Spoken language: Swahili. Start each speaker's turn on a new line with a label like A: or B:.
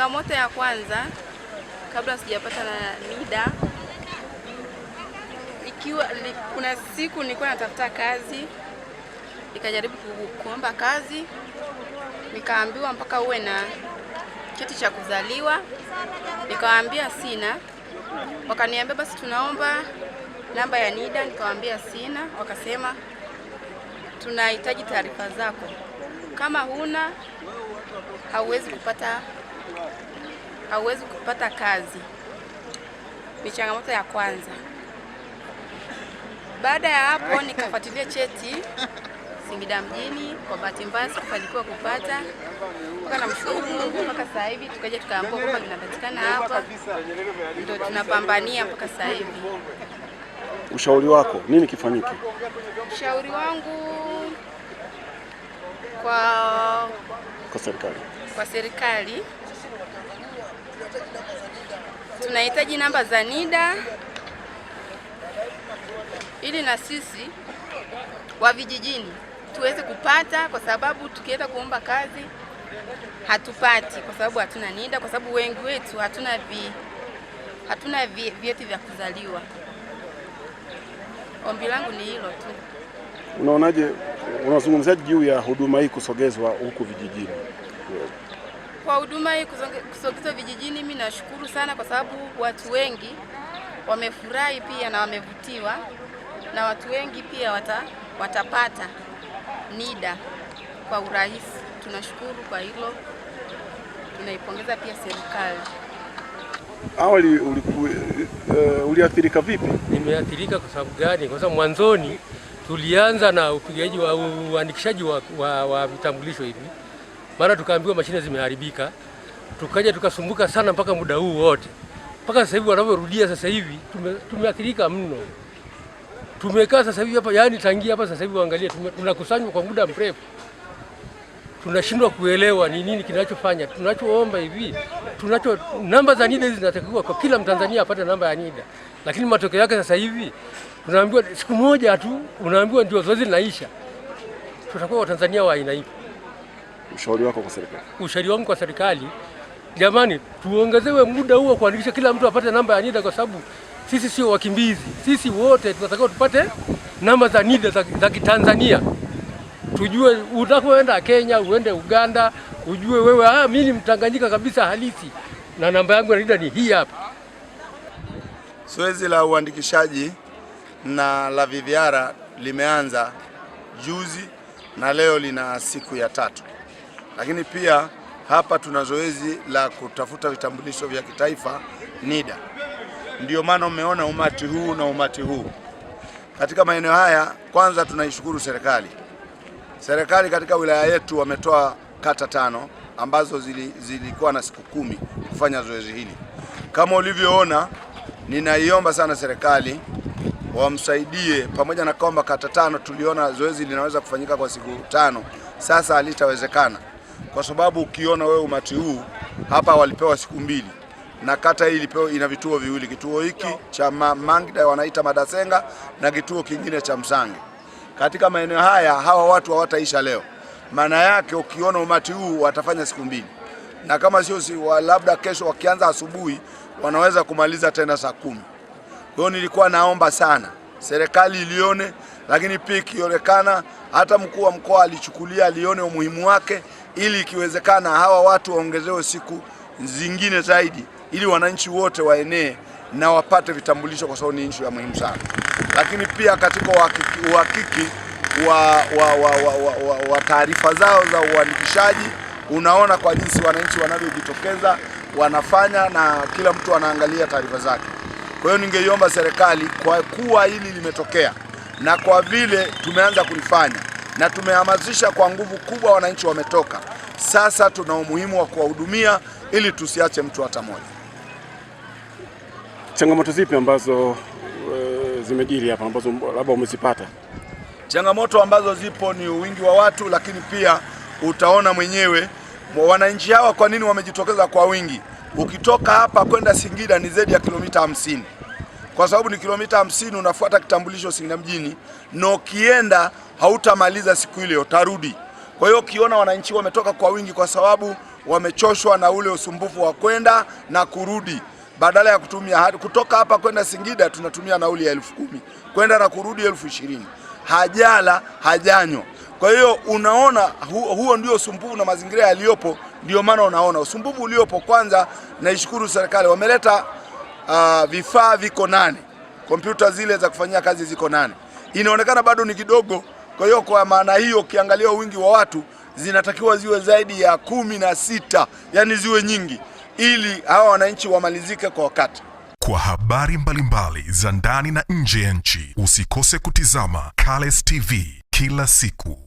A: Changamoto ya kwanza kabla sijapata na NIDA, ikiwa kuna siku nilikuwa natafuta kazi, nikajaribu kuomba kazi, nikaambiwa mpaka uwe na cheti cha kuzaliwa, nikawaambia sina. Wakaniambia basi tunaomba namba ya NIDA, nikawaambia sina. Wakasema tunahitaji taarifa zako, kama huna hauwezi kupata hauwezi kupata kazi. Ni changamoto ya kwanza. Baada ya hapo, nikafuatilia cheti Singida mjini, kwa bahati mbaya sikufanikiwa kupata mpaka mshukuru Mungu, mpaka sasa hivi tukaja tukaambiwa kwamba linapatikana hapa, ndio tunapambania mpaka sasa hivi.
B: Ushauri wako nini kifanyike?
A: Ushauri wangu kwa kwa serikali, kwa serikali tunahitaji namba za NIDA ili na sisi wa vijijini tuweze kupata, kwa sababu tukiweza kuomba kazi hatupati, kwa sababu hatuna NIDA, kwa sababu wengi wetu hatuna vi, hatuna vyeti vya kuzaliwa. Ombi langu ni hilo tu.
B: Unaonaje, unazungumzaje juu ya huduma hii kusogezwa huku vijijini?
A: Kwa huduma hii Kusogezwa Vijijini, mimi nashukuru sana kwa sababu watu wengi wamefurahi pia na wamevutiwa, na watu wengi pia wata, watapata NIDA kwa urahisi. Tunashukuru kwa hilo, tunaipongeza pia serikali.
B: Awali eh, uliathirika uh, vipi?
C: Nimeathirika kwa sababu gani? Kwa sababu mwanzoni tulianza na upigaji wa uandikishaji wa, wa, wa vitambulisho hivi mara tukaambiwa mashine zimeharibika, tukaja tukasumbuka sana mpaka muda huu wote, mpaka sasa hivi wanavyorudia sasa hivi tumeathirika mno. Tumekaa sasa hivi hapa, yani tangia hapa sasa hivi waangalie, tunakusanywa kwa muda mrefu, tunashindwa kuelewa ni nini kinachofanya. Tunachoomba hivi, tunacho namba za NIDA zinatakiwa kwa kila Mtanzania apate namba ya NIDA, lakini matokeo yake sasa hivi tunaambiwa siku moja tu unaambiwa ndio zoezi linaisha. Tutakuwa Watanzania wa aina ipi?
B: Ushauri wako kwa serikali?
C: Ushauri wangu kwa serikali, jamani, tuongezewe muda huo kuandikisha kila mtu apate namba ya NIDA, kwa sababu sisi sio wakimbizi. Sisi wote tunatakiwa tupate namba za NIDA za, za Kitanzania, tujue utakoenda Kenya, uende Uganda, ujue wewe, ah, mimi ni Mtanganyika kabisa halisi na namba yangu ya NIDA ni hii hapa.
D: Zoezi la uandikishaji na la viviara limeanza juzi na leo lina siku ya tatu lakini pia hapa tuna zoezi la kutafuta vitambulisho vya kitaifa NIDA. ndio maana umeona umati huu na umati huu katika maeneo haya. Kwanza tunaishukuru serikali. Serikali katika wilaya yetu wametoa kata tano ambazo zili, zilikuwa na siku kumi kufanya zoezi hili. Kama ulivyoona, ninaiomba sana serikali wamsaidie, pamoja na kwamba kata tano tuliona zoezi linaweza kufanyika kwa siku tano, sasa halitawezekana kwa sababu ukiona wewe umati huu hapa walipewa siku mbili na kata hii ilipewa ina vituo viwili, kituo hiki cha Mangida wanaita Madasenga na kituo kingine cha Msange. Katika maeneo haya hawa watu hawataisha leo, maana yake ukiona umati huu watafanya siku mbili, na kama sio labda kesho wakianza asubuhi wanaweza kumaliza tena saa kumi. Kwa hiyo nilikuwa naomba sana serikali ilione lakini pia ikionekana hata mkuu wa mkoa alichukulia, alione umuhimu wake, ili ikiwezekana hawa watu waongezewe siku zingine zaidi, ili wananchi wote waenee na wapate vitambulisho, kwa sababu ni nchi ya muhimu sana. Lakini pia katika uhakiki, wa, wa, wa, wa, wa, wa, wa taarifa zao za uandikishaji, unaona kwa jinsi wananchi wanavyojitokeza wanafanya, na kila mtu anaangalia taarifa zake. Kwa hiyo ningeiomba serikali, kwa kuwa hili limetokea na kwa vile tumeanza kulifanya na tumehamasisha kwa nguvu kubwa, wananchi wametoka. Sasa tuna umuhimu wa kuwahudumia ili tusiache mtu hata mmoja.
B: Changamoto zipi ambazo e, zimejiri hapa ambazo labda umezipata?
D: Changamoto ambazo zipo ni wingi wa watu, lakini pia utaona mwenyewe wananchi hawa kwa nini wamejitokeza kwa wingi. Ukitoka hapa kwenda Singida ni zaidi ya kilomita hamsini kwa sababu ni kilomita hamsini unafuata kitambulisho Singida mjini, na ukienda hautamaliza siku ile, utarudi. Kwa hiyo ukiona wananchi wametoka kwa wingi, kwa sababu wamechoshwa na ule usumbufu wa kwenda na kurudi. Badala ya kutumia kutoka hapa kwenda Singida tunatumia nauli ya elfu kumi kwenda na kurudi elfu ishirini hajala hajanywa. Kwa hiyo unaona hu, huo ndio usumbufu na mazingira yaliyopo. Ndio maana unaona usumbufu uliopo. Kwanza naishukuru serikali wameleta uh, vifaa viko nane, kompyuta zile za kufanyia kazi ziko nane. Inaonekana bado ni kidogo. Kwa hiyo kwa maana hiyo, ukiangalia wingi wa watu, zinatakiwa ziwe zaidi ya kumi na sita, yani ziwe nyingi, ili hawa wananchi wamalizike kwa wakati. Kwa habari mbalimbali za ndani na nje ya nchi, usikose kutizama Cales TV kila siku.